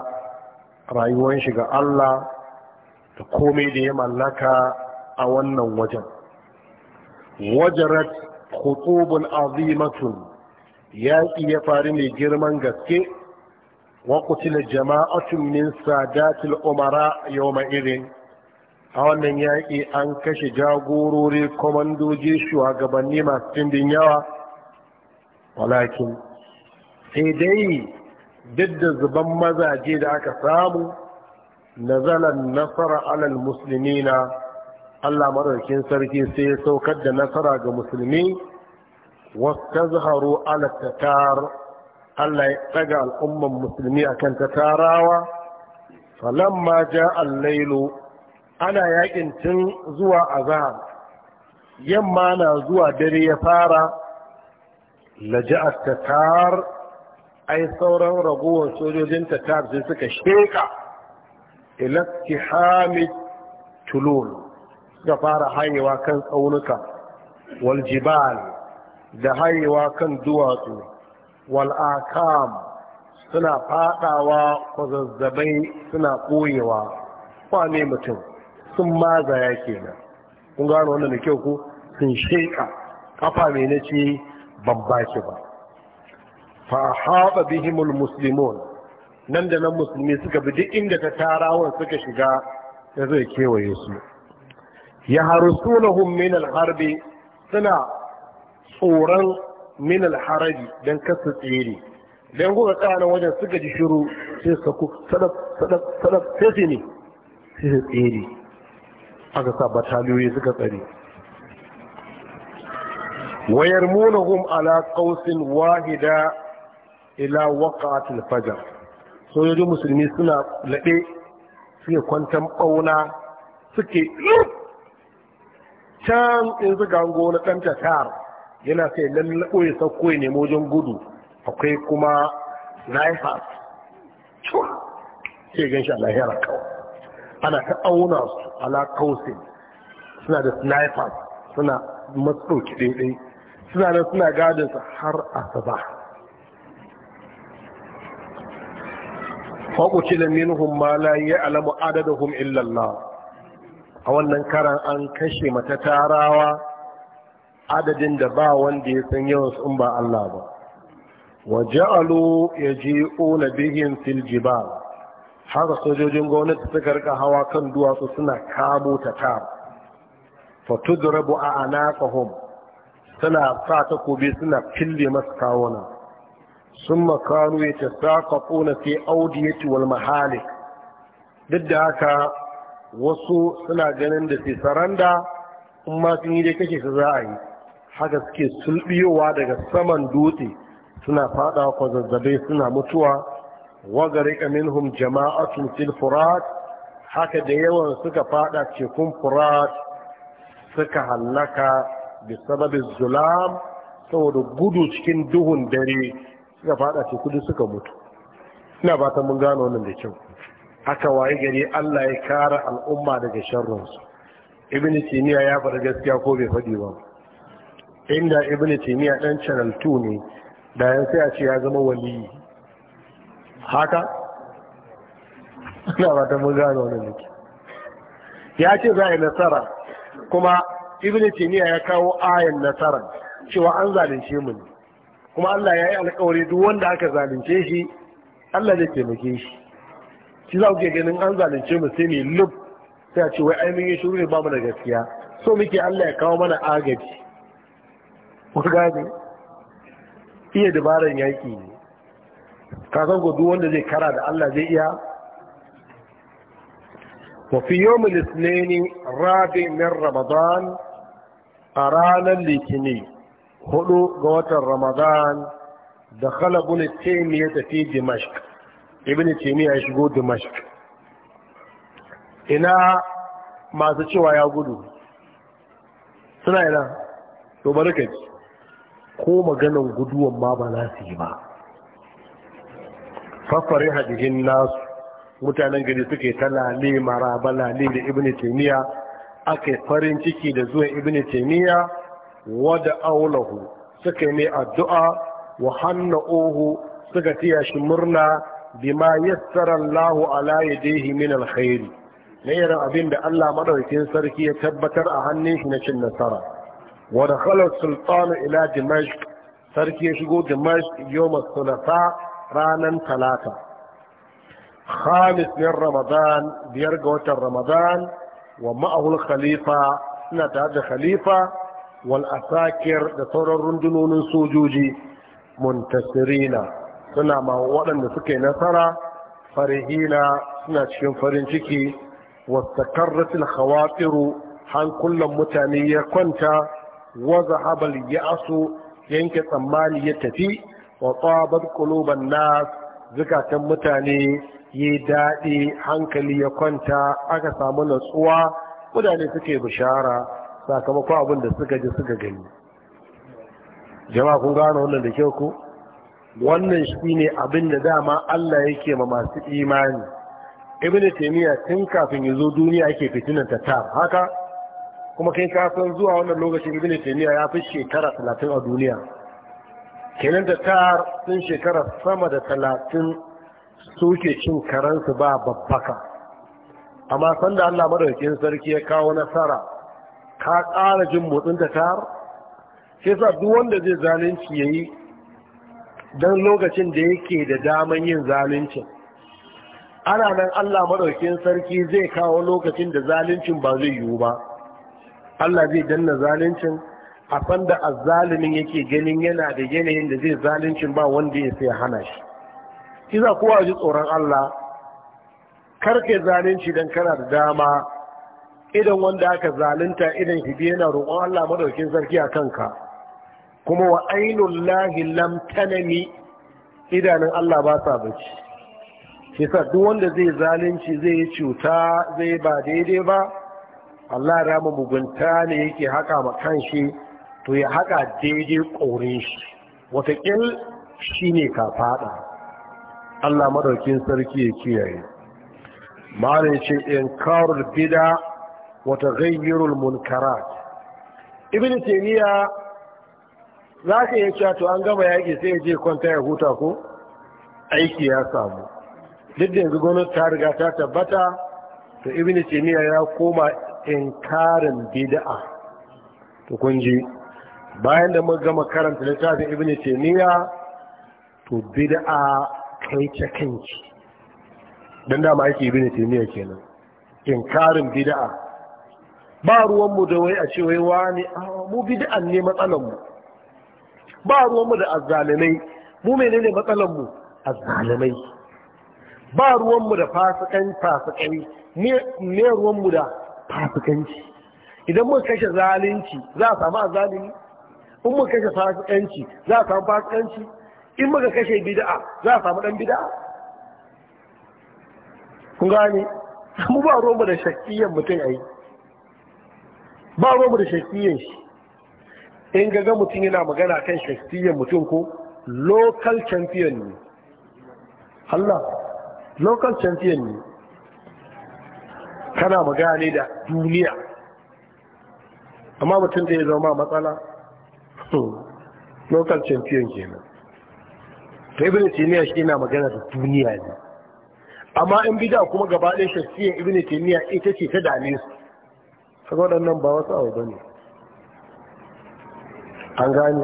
rayuwar shi ga Allah da komai da ya mallaka a wannan wajen wajarat khutubun azimatun yaƙi ya faru mai girman gaske wa kutila jama'atun min sadatil umara yawma irin a wannan yaƙi an kashe jagorori kwamandoji shugabanni masu tindin yawa walakin sai dai duk da zuban mazaje da aka samu nazalan nasara alal musulmina Allah madaukin sarki sai ya saukar da nasara ga musulmi wastazharu ala tatar Allah ya tsaga al'umman musulmi akan tatarawa falamma ja al ana yakin tun zuwa azahar yamma na zuwa dare ya fara ta tatar ai sauran ragowar sojojin tatar sai suka sheka hamid tulun suka fara hayewa kan tsaunuka waljibal da hayewa kan duwatsu wal'akam suna fadawa kwazazzabai suna koyewa kwane mutum sun mazaya kenan kun gano wannan da kyau ku? sun sheka kafa mai na ce ban ba shi ba fa haɗa bihimul muslimun nan da nan musulmi suka bi duk inda ta tarawon suka shiga da zai kewaye su ya harusu na min harbi suna tsoron min harbi don kasa tsere don kuka tsana wajen suka ji shiru sai ku sadaf sadaf sadaf sai ne sai tsere aka sa bataliyoyi suka tsare wayar munahum ala qausin wahida ila waqa'atil fajr sojojin musulmi suna laɗe suke kwantan ɓauna suke can in zuga gona ɗan tatar yana sai lallaɓo ya sauko ya nemo wajen gudu akwai kuma naifas cun gan shi a lahira kawai ana ta auna su ala kausin suna da snipers suna matsauki ɗaiɗai suna nan suna gadinsa har da faƙucila minhum ma la alamu adadahum illa a wannan karan an kashe mata tarawa adadin da ba wanda ya san yawan in ba Allah ba wa ja'alu yaji'una bihim fil ba, haka sojojin gwamnati suka rika hawa kan duwatsu suna kamo ta tar fa rabu a anaqahum tana sa takobi suna fille masu kawuna sun makaru ya ce saƙaƙo fi ya ciwal mahalik duk da haka wasu suna ganin da su saranda in ma sun yi dai kake su za a yi haka suke sulbiyowa daga saman dutse suna fada zazzabe suna mutuwa wagarika minhum jama'atun fil furat haka da yawan suka fada cikin furat suka hallaka bi sababin zulam saboda gudu cikin duhun dare suka fada ce kudu suka mutu ina ba ta mun gano wannan da kyau haka waye gari Allah ya kare al'umma daga su ibn timiya ya faɗi gaskiya ko bai faɗi ba inda ibn timiya dan channel 2 ne da ya sai a ce ya zama wali haka ina ba ta mun gano wannan da ya ce za a yi nasara kuma ibn taymiya ya kawo ayan nasara cewa an zalunce mu ne kuma Allah ya yi alƙawari duk wanda aka zalunce shi Allah zai taimake shi shi za ku ke ganin an zalunce mu sai ne lub sai a ce wai ai mun yi shiru ne ba mu da gaskiya so muke Allah ya kawo mana agaji ku gane iya dabaran yaƙi ne ka san duk wanda zai kara da Allah zai iya وفي يوم الاثنين الرابع من رمضان a ranar litini hudu ga watan ramadan da khalabun ya tafi dimashq ibn taimiyya ya shigo dimashq ina masu cewa ya gudu suna ina to barkaci ko maganan guduwan ma ba za su yi ba faffare hadihin nasu mutanen gari suke ta lalima maraba lili da ibn taimiyya aka farin ciki da zuwan ibn taymiya wada aulahu suka yi mai addu'a wa hanna'uhu suka tiya shi murna bima yassara Allahu ala yadayhi min alkhairi na irin abin da Allah madaukakin sarki ya tabbatar a hannun shi na cin nasara wa dakhala sultanu ila dimashq sarki ya shigo dimashq yawm thulatha ranan talata khamis min ramadan biyar ga watan ramadan wa ma'ahul khalifa suna tare da khalifa wal asakir da sauran rundunonin sojoji muntasirina suna ma waɗanda suke nasara farihina suna cikin farin ciki karratin khawatiru hankulan mutane ya kwanta wa ya asu yanke tsammani ya tafi wa tsabar quluban nas zukatan mutane yi daɗi hankali ya kwanta aka samu natsuwa mutane suke bishara sakamakon abin da suka ji suka gani jama'a kun gano wannan da kyau ku wannan shi ne abin da dama Allah yake ma masu imani ibn taymiya tun kafin ya zo duniya yake fitinan ta ta haka kuma kai ka zuwa wannan lokacin ibn taymiya ya fi shekara talatin a duniya kenan da tar sun shekara sama da talatin suke cin karansu ba babbaka amma sanda Allah madaukin sarki ya kawo nasara ka ƙara jin motsin ta tar sai sa duk wanda zai zalunci yayi dan lokacin da yake da daman yin zaluncin ana nan Allah madaukin sarki zai kawo lokacin da zaluncin ba zai yiwu ba Allah zai danna zaluncin a sanda azzalimin yake ganin yana da yanayin da zai zaluncin ba wanda ya sai hana shi kiza kowa ji tsoron Allah karke zalunci dan kana da dama idan wanda aka zalunta idan shi yana roƙon Allah madaukin sarki a kanka kuma wa ainul lahi lam tanami idanun Allah ba sa bace shi sa duk wanda zai zalunci zai yi cuta zai ba daidai ba Allah ya mu mugunta ne yake haka ma kanshi to ya haka daidai korin shi wata kil shine ka faɗa. Allah madaukin sarki ya kiyaye mare ce karul bid'a wa taghayyurul munkarat ibn taymiya zaka ya ce to an gama yaki sai ya je kwanta ya huta ko aiki ya samu duk da yanzu gwamnati ta riga ta tabbata to ibn taymiya ya koma karin bid'a to kun ji bayan da mun gama karanta littafin ibn taymiya to bid'a kai ta kanki don dama ake ibn taymiya kenan inkarin bid'a ba ruwan mu da wai a ce wai wani ah, mu bid'an ne matsalan mu ba ruwan mu da azzalimai mu menene matsalan mu azzalimai ba ruwan mu da fasikan fasikai ne ruwan mu da fasikanci idan mun kashe zalunci za a samu azzalimi in mun kashe fasikanci za a samu fasikanci in maka kashe bid'a za a samu dan bid'a kun gane mu ba ruwanmu da shakkiyan mutum ai ba ruwanmu da shakkiyan shi in ga mutum yana magana kan shakkiyan mutum ko local champion ne Allah local champion ne kana magana da duniya amma mutum da ya zama matsala hmm, local champion kenan to ibn taymiya shi yana magana da duniya ne amma in bid'a kuma gaba ɗaya shakhsiyyar ibn taymiya ita ce ta dame su kaga waɗannan ba wasu abu bane an gane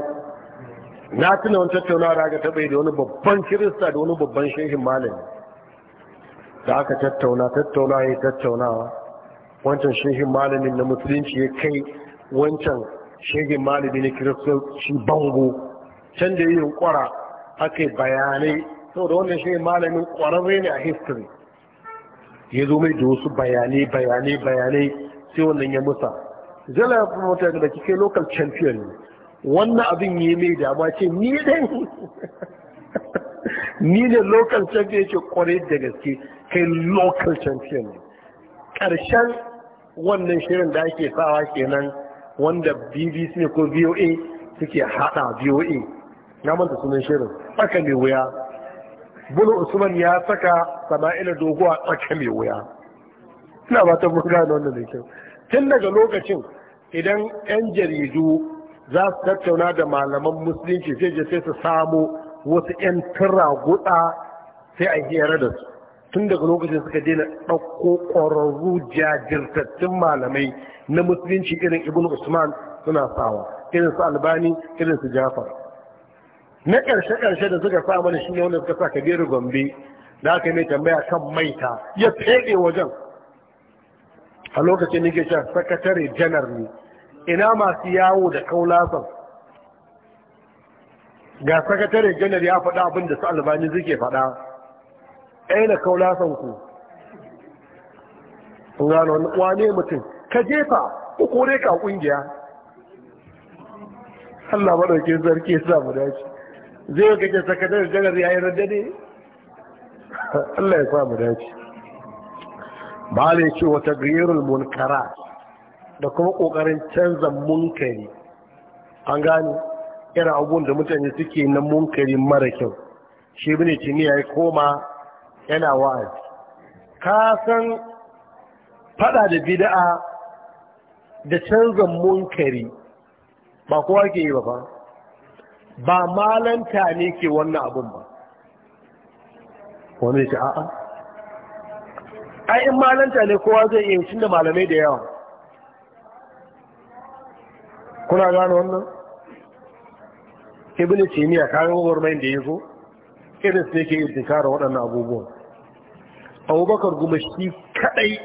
na tuna wani tattaunawa da aka taɓa da wani babban kirista da wani babban shehin malami da aka tattauna tattauna ya tattaunawa wancan shehin malamin na musulunci ya kai wancan shehin malami na kiristoci bango can da yi kwara aka bayanai saboda wannan shi malamin ƙwararre ne a history ya zo mai da wasu bayanai bayanai bayanai sai wannan ya musa zai ya mota da kike local champion wannan abin ya mai dama ce ni dai ni ne local champion ce kwarai da gaske kai local champion karshen ƙarshen wannan shirin da ake sawa kenan wanda bbc ne ko voa suke hada voa na manta sunan shirin tsaka mai wuya bulu usman ya saka sama'ila doguwa tsaka mai wuya ina ba ta mun gane wannan da kyau tun daga lokacin idan yan jaridu za su tattauna da malaman musulunci sai je sai su samu wasu yan tura guda sai a hira da su tun daga lokacin suka daina ɗauko ƙwararru jajirtattun malamai na musulunci irin ibn usman suna sawa irin su albani irin su jafar na ƙarshe ƙarshe da suka sa mana ne wanda suka sa kabiru gombe da aka mai tambaya kan maita ya fede wajen a lokacin nake shan sakatare janar ne ina masu yawo da kaulasan ga sakatare janar ya faɗa abin da su albani suke faɗa da kaulasan ku gano wane mutum ka jefa ko kore ka ƙungiya. Allah maɗauke zarke ya sa mu dace zai yi kake sakadar janar ya yi radda ne Allah ya samu dace ba ne ce wata gairul munkara da kuma kokarin canza munkari an gane irin abubuwan da mutane suke na munkari mara kyau shi bane ce ya koma yana wa'azi ka san fada da bida'a da canza munkari ba kowa ke yi ba fa ba malanta ne ke wannan abin ba wani ce a'a ai in malanta ne kowa zai iya cin da malamai da yawa kuna gano wannan ibn a kayan gwamnati da ya zo irin su yake irtikara waɗannan abubuwan abubakar gumashi kaɗai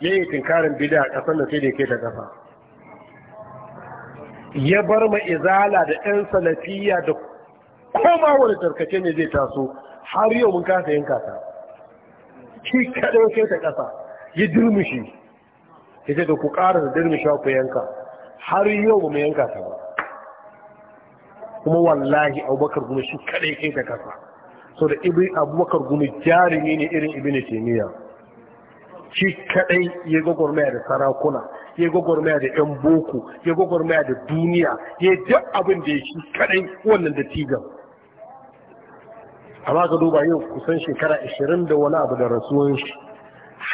ya yi tinkarin bida a ƙasar da sai da ke ta ƙasa ya bar ma izala da ɗan salafiya da koma wani tarkace ne zai taso har yau mun kasa yanka ta shi kaɗai kai ta ƙasa ya durmushi ya ce da ku ƙara da a ku yanka har yau ba mu yanka ta ba kuma wallahi abubakar gumi shi kaɗai kai ta ƙasa so da ibi abubakar gumi jarumi ne irin ibi ne shi kaɗai ya gwagwarmaya da sarakuna ya gwagwarmaya da yan boko ya gwagwarmaya da duniya ya duk abin da ya shi kaɗai wannan da tigan amma ka duba yau kusan shekara 20 da wani abu da rasuwan shi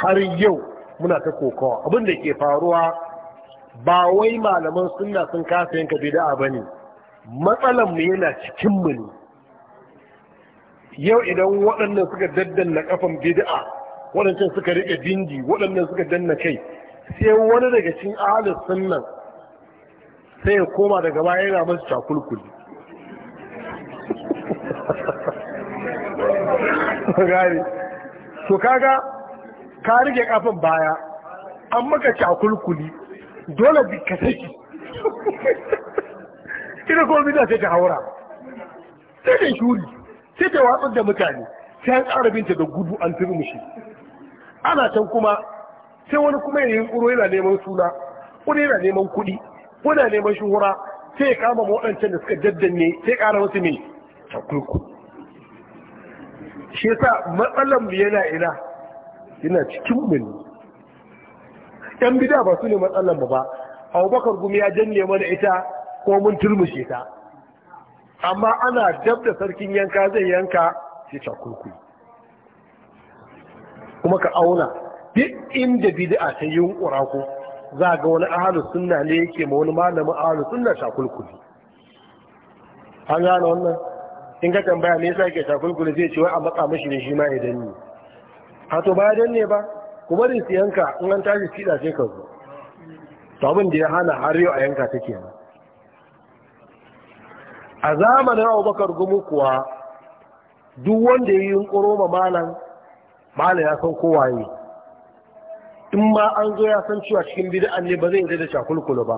har yau muna ta kokawa abin da ke faruwa ba wai malaman sunna sun kasa yanka ba ne. matsalan mu yana cikin mu ne yau idan waɗannan suka daddanna kafan bid'a waɗancan suka riƙe dingi waɗannan suka danna kai sai wani daga cikin ahalin sunnan sai ya koma daga baya yana masu cakulkuli gari to kaga ka rike kafin baya an maka cakulkuli dole bi ka saki ina kuma bi sai ta haura sai ta shuri sai ta watsar da mutane sai an tsara binta da gudu an turmushi ana can kuma sai wani kuma ya yunkuro yana neman suna wani yana neman kuɗi wani yana neman shuhura sai ya kama waɗancan da suka jaddanne sai ya ƙara wasu mai takwaiku shi yasa matsalan mu yana ina yana cikin mu ne yan bida ba su ne matsalan mu ba abubakar gumi ya janne mana ita ko mun turmushe ta amma ana dab da sarkin yanka zai yanka sai takwaiku kuma ka auna duk inda bid'a ta yunkura ko za ga wani ahalu sunna ne yake ma wani malamin ahalu sunna shakulkuli an gane wannan in ka tambaya me yasa yake shakulkuli zai ce wai a matsa mashi ne shi ma ya danne a to ba ya danne ba kuma bari su yanka in an tashi fiɗa sai ka zo to abin da ya hana har yau a yanka take nan a zamanin abubakar gumu kuwa duk wanda ya yi yunkuro ma malam malam ya san kowaye in ma an zo ya san cewa cikin bid'a ne ba zai yi da shakulkulu ba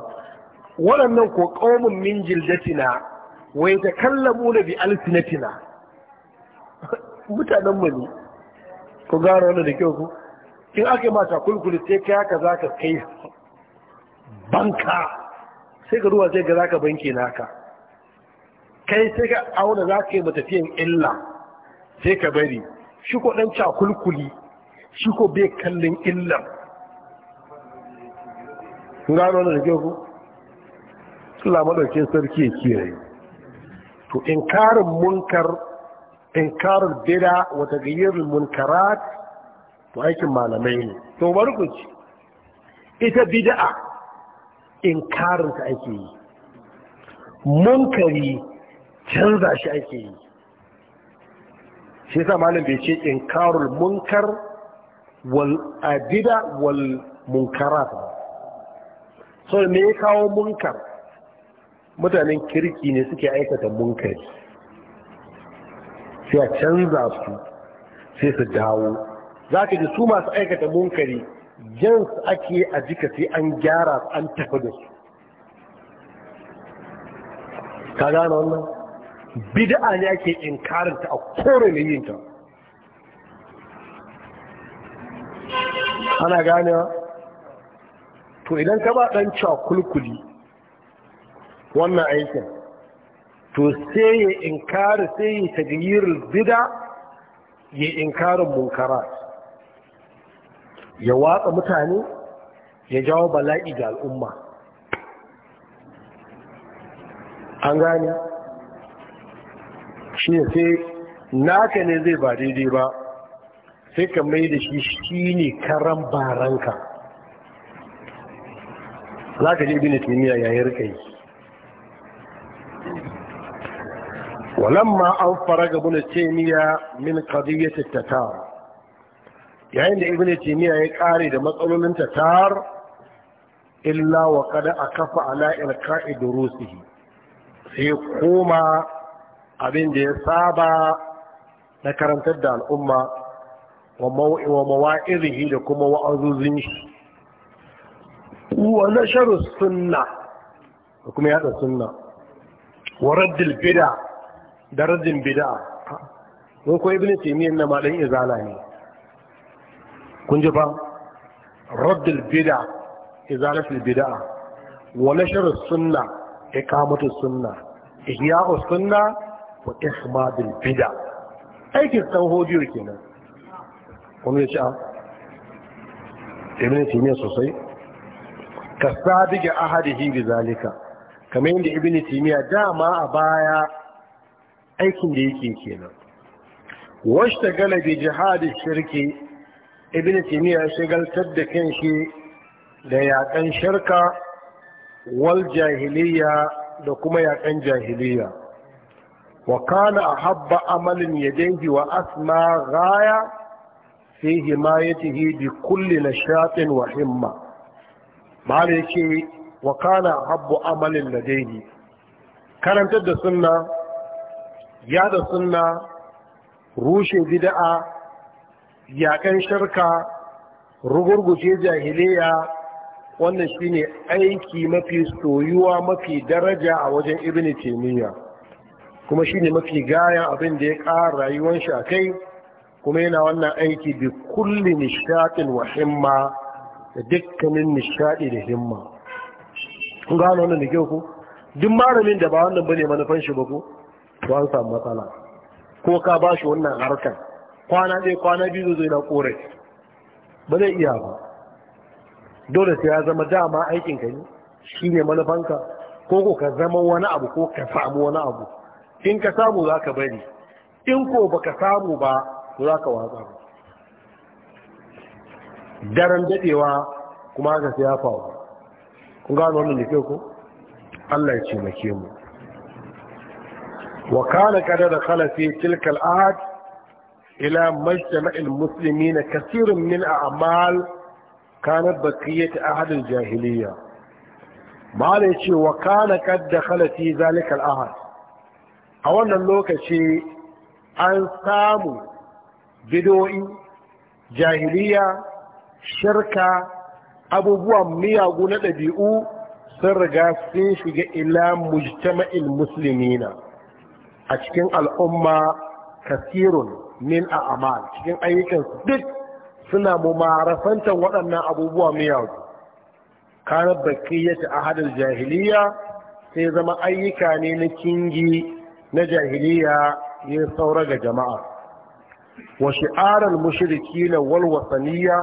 waɗannan ko qaumun min jildatina wa yatakallamuna bi alsinatina mutanen mu ne Ko gano wannan da kyau ku in aka yi ma shakulkulu sai kai haka zaka kai banka sai ka ruwa sai ga zaka banki naka kai sai ka auna zaka yi matafiyan illa sai ka bari shi ko dan cakulkuli shi ko bai kallon illar kun gano da kyau ku Allah madaukin sarki ya kiyaye to inkarin munkar inkarin bid'a wata taghayyirul munkarat to aikin malamai ne to bari ku ci ita bid'a inkarin ta ake yi munkari canza shi ake yi shi yasa malam bai ce inkarul munkar wal adida wal munkarat ba so me ya kawo munkar mutanen kirki ne suke aikata munkari sai a canza su sai su dawo za ka ji su masu aikata munkari jan su ake a jika sai an gyara an tafi da su ka gane wannan bid'a ne ake inkarinta a kore mai yinta ana ganewa to idan ka ba ɗan cakulkuli wannan aikin to sai ya inkari sai ya tagayyar bida ya inkarin munkara ya watsa mutane ya jawo bala'i ga al'umma an gane shi ne sai naka ne zai ba daidai ba sai ka mai da shi shi ne karan baranka za ka ji ibn taymiya ya yi rika yi walamma an fara faraga ibn taymiya min qadiyyat tatar yayin da ibn taymiya ya kare da matsalolin tatar illa wa qad akafa ala ilqa'i durusihi sai koma abin da ya saba na karantar da al'umma wa mawa'izihi da kuma wa'azuzin shi wa nasharu sunna da kuma yada sunna wa raddil bid'a da raddin bid'a ko ko ibnu taymiyyah na ma dan izala ne kun ji fa raddil bid'a izalatul bid'a wa nasharu sunna iqamatus sunna ihya'us sunna wa ihmadul bid'a aikin tawhidiyyo kenan kuma ya ci a ah, ibnu taymiyyah sosai ka sabiga ahadihi bi zalika kamar yadda ibn timiya dama a baya aikin da yake kenan washta galabi jihadi shirki ibn timiya ya shigaltar da kanshi da yakan shirka wal jahiliya da kuma yakan jahiliya wa kana ahabba amalin yadayhi wa asma ghaya fi himayatihi bi kulli nashatin wa himma mahala ya ce wa kana habbu amalin ladaini karantar da sunna yada suna, rushe gida'a, yakan shirka rugurguje jahiliya wannan shi ne aiki mafi soyuwa mafi daraja a wajen ibn taymiya kuma ne mafi gayan abin da ya ƙara rayuwar shi a kai kuma yana wannan aiki bi kulli nishatin wa himma da dukkanin nishadi da himma kun gano wannan da kyau ku duk malamin da ba wannan bane manufan shi ba ku to an samu matsala ko ka ba shi wannan harkar kwana ɗaya kwana biyu zai na kore ba zai iya ba dole sai ya zama dama aikin ka ne shine manufanka ko ko ka zama wani abu ko ka samu wani abu in ka samu za ka bari in ko baka samu ba za ka watsa ba daren daɗewa kuma haka sai ya faru kun gano wannan da ke ku Allah ya taimake mu wa kana kada da khala fi ila ila majtama'il muslimin kaseerun min a'mal kana bakiyat ahad al-jahiliyya malai ce wa kana kad da khala fi ahad, a wannan lokaci an samu bidoyi jahiliya shirka abubuwan miyagu na ɗabi'u sun riga sun shiga ila mujtama'il musulmina a cikin al'umma kasirun min a amal cikin ayyukan duk suna marasanta waɗannan abubuwa miyagu kanar bakiyyata a hadar jahiliya sai zama ayyuka ne na kingi na jahiliya ya saura ga jama'a wa shi'arar mushriki na walwasaniya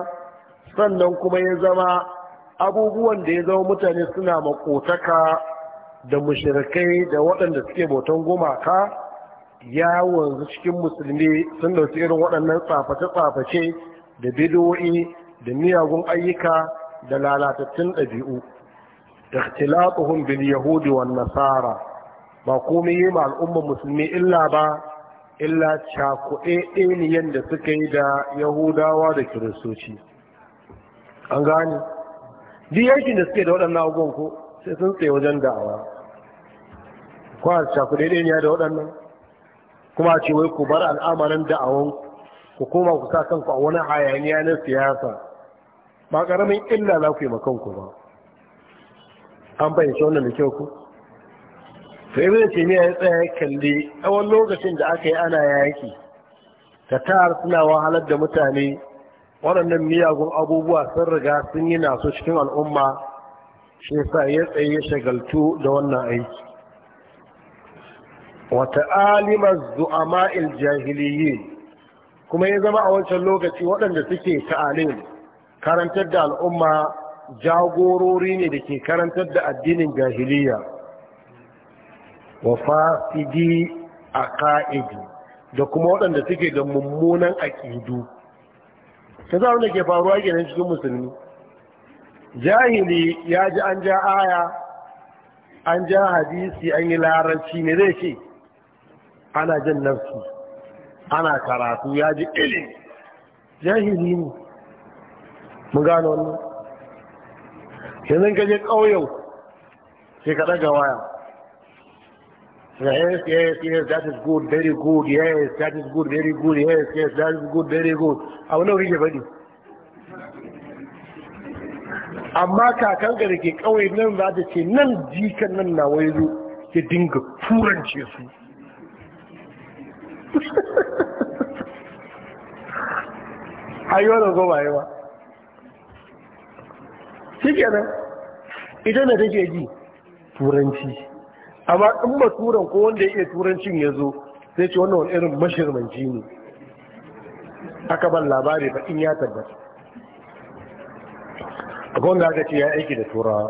sannan kuma ya zama abubuwan da ya zama mutane suna makotaka da mushirikai da waɗanda suke bautan gumaka ya wanzu cikin musulmi sun dauki irin waɗannan tsaface-tsaface da bidowi da miyagun ayyuka da lalatattun ɗabi'u da tilatuhun bil yahudi wa nasara ba komai yi ma al'ummar musulmi illa ba illa cakuɗe ɗaniyan da suka yi da yahudawa da kiristoci an gane duk yankin da suke da waɗannan abubuwan ko sai sun tsaye wajen da'awa ko a shafi daidai ne da waɗannan kuma a ce wai ku bar al'amarin da'awan ku koma ku sa kanku a wani hayaniya na siyasa ba ƙaramin illa za ku yi makanku ba an fahimci wannan da kyau ku to ibn taymiya ya tsaya kalli tsawon lokacin da aka yi ana yaki tatar suna wahalar da mutane waɗannan miyagun abubuwa sun riga sun yi nasu cikin al'umma shi sa ya tsaye shagaltu da wannan aiki wata alimar zu'ama'il jahiliyi kuma ya zama a wancan lokaci waɗanda suke ta'alim karantar da al'umma jagorori ne da ke karantar da addinin jahiliya wa fasidi a ka'idi da kuma waɗanda suke da mummunan aƙidu ta za wanda ke faruwa kenan cikin musulmi jahili ya ji an ja aya an ja hadisi an yi larabci ne zai ce ana jan nafsi ana karatu ya ji ilimi jahili ne mu gano wannan yanzu ka je ƙauyen sai ka ɗaga waya Yes, yes, yes, that is good, very good, yes, that is good, very good, yes, yes, that is good, very good. A wani wuri ke faɗi. Amma kakanka gari ke kawai nan za ta ce nan jikan nan na wai zo ke dinga turance su. Ayyuwa da goma yawa. Shi kenan, ita da take ji turanci. amma in ba turan ko wanda ya iya turancin ya zo sai ce wannan irin mashirmanci ne aka ban labari ba in ya tabbata akwai wanda aka ce ya aiki da turawa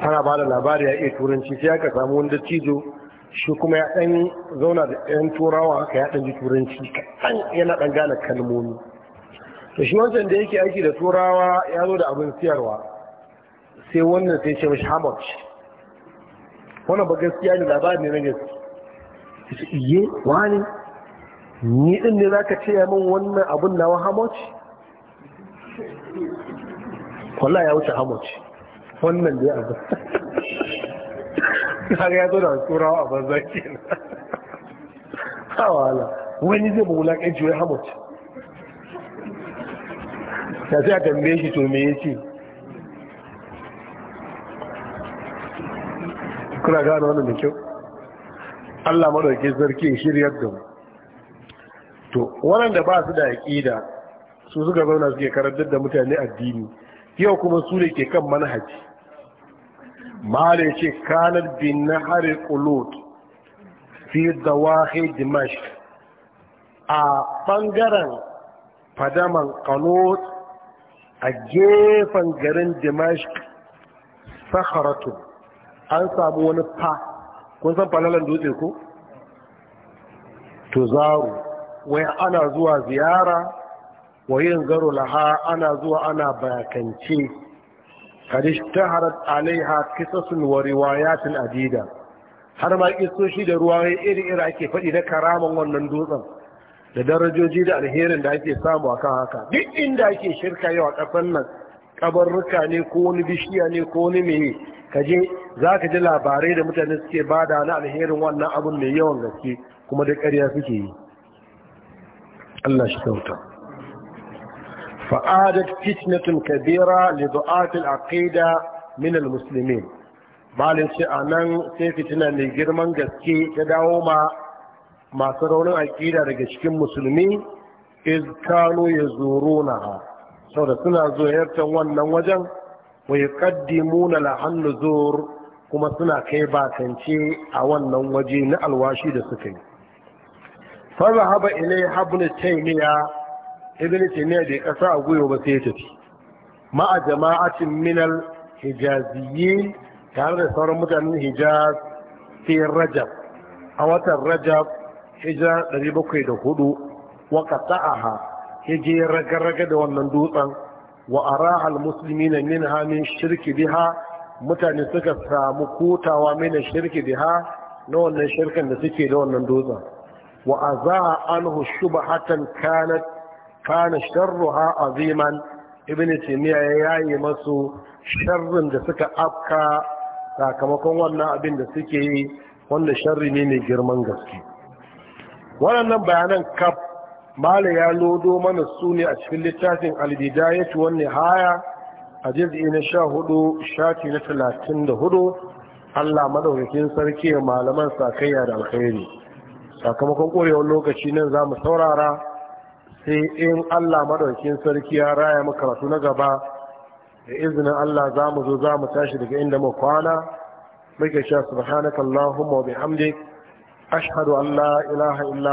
ana ba da labari ya iya turanci sai aka samu wanda cizo shi kuma ya ɗan zauna da ɗan turawa aka ya ɗan ji turanci kaɗan yana ɗan gane kalmomi to shi wancan da yake aiki da turawa ya zo da abin siyarwa sai wannan sai ce mashi hamad wannan ba gaskiya ne labarin ne na gaskiya yace iye wani ni din ne ka ce min wannan abun nawa hamoci kwallo ya wuce hamoci wannan ya abu ga ya zo da turawa a banza kenan ha wala wani zai bula kan jiwai hamoci ya sai a tambaye shi to me ce. kuna gane wannan da kyau Allah madauki sarki shiryar da mu to waɗanda ba su da aƙida su suka zauna suke karantar da mutane addini yau kuma su ne ke kan manhaji mare ce kanar bin hari qulud fi dawahi Dimash a ɓangaren fadaman qulud a gefen garin Dimash sakharatu an samu wani fa kun san falalan dutse ko tuzaru wai ana zuwa ziyara Wai in garo laha ana zuwa ana bakance kadish taharat alaiha kisasun wa riwayatin adida har ma kisoshi da ruwa iri iri ake faɗi na karaman wannan dutsen da darajoji da alherin da ake samu akan haka duk inda ake shirka yawa a ƙasar nan kabarruka ne ko wani bishiya ne ko wani mai ka za ka ji labarai da mutane suke ba da na alherin wannan abin mai yawan gaske kuma da ƙarya suke yi Allah shi kauta fa'adat fitnatun kabira li du'atil aqida min almuslimin malin shi anan sai fitina mai girman gaske ta dawo ma masu raunin aqida daga cikin musulmi iz kanu yazurunaha saboda suna ziyartar wannan wajen wa na lahannu zuwar kuma suna kai bakance a wannan waje na alwashi da suka yi fa zahaba ilayha ibn taymiya ibn taymiya da kasa a gwiwa ba sai ya tafi ma'a jama'acin minal hijaziyi tare da sauran mutanen hijaz fi rajab a watan rajab hijar 704 wa qata'aha ya je raga da wannan dutsen wa ara al-musulmi na yin hamin shirki biha mutane suka samu kotawa mina shirki biha na wannan shirkan da suke da wannan dutsen wa a za a anhu shubhatan kanat kana sharruha aziman ibn taymiya ya yayi masu sharrin da suka afka sakamakon wannan abin da suke yi wanda sharri ne mai girman gaske waɗannan bayanan kaf mala ya lodo mana su ne a cikin littafin ci wani haya a jirgin na sha hudu shafi na talatin da hudu Allah madaukakin sarki ya malaman sakayya da alkhairi sakamakon korewar lokaci nan za mu saurara sai in Allah madaukakin sarki ya raya makaratu rasu na gaba da izinin Allah za mu zo za mu tashi daga inda mu kwana muke sha subhanakallahumma wa bihamdik ashhadu an la ilaha illa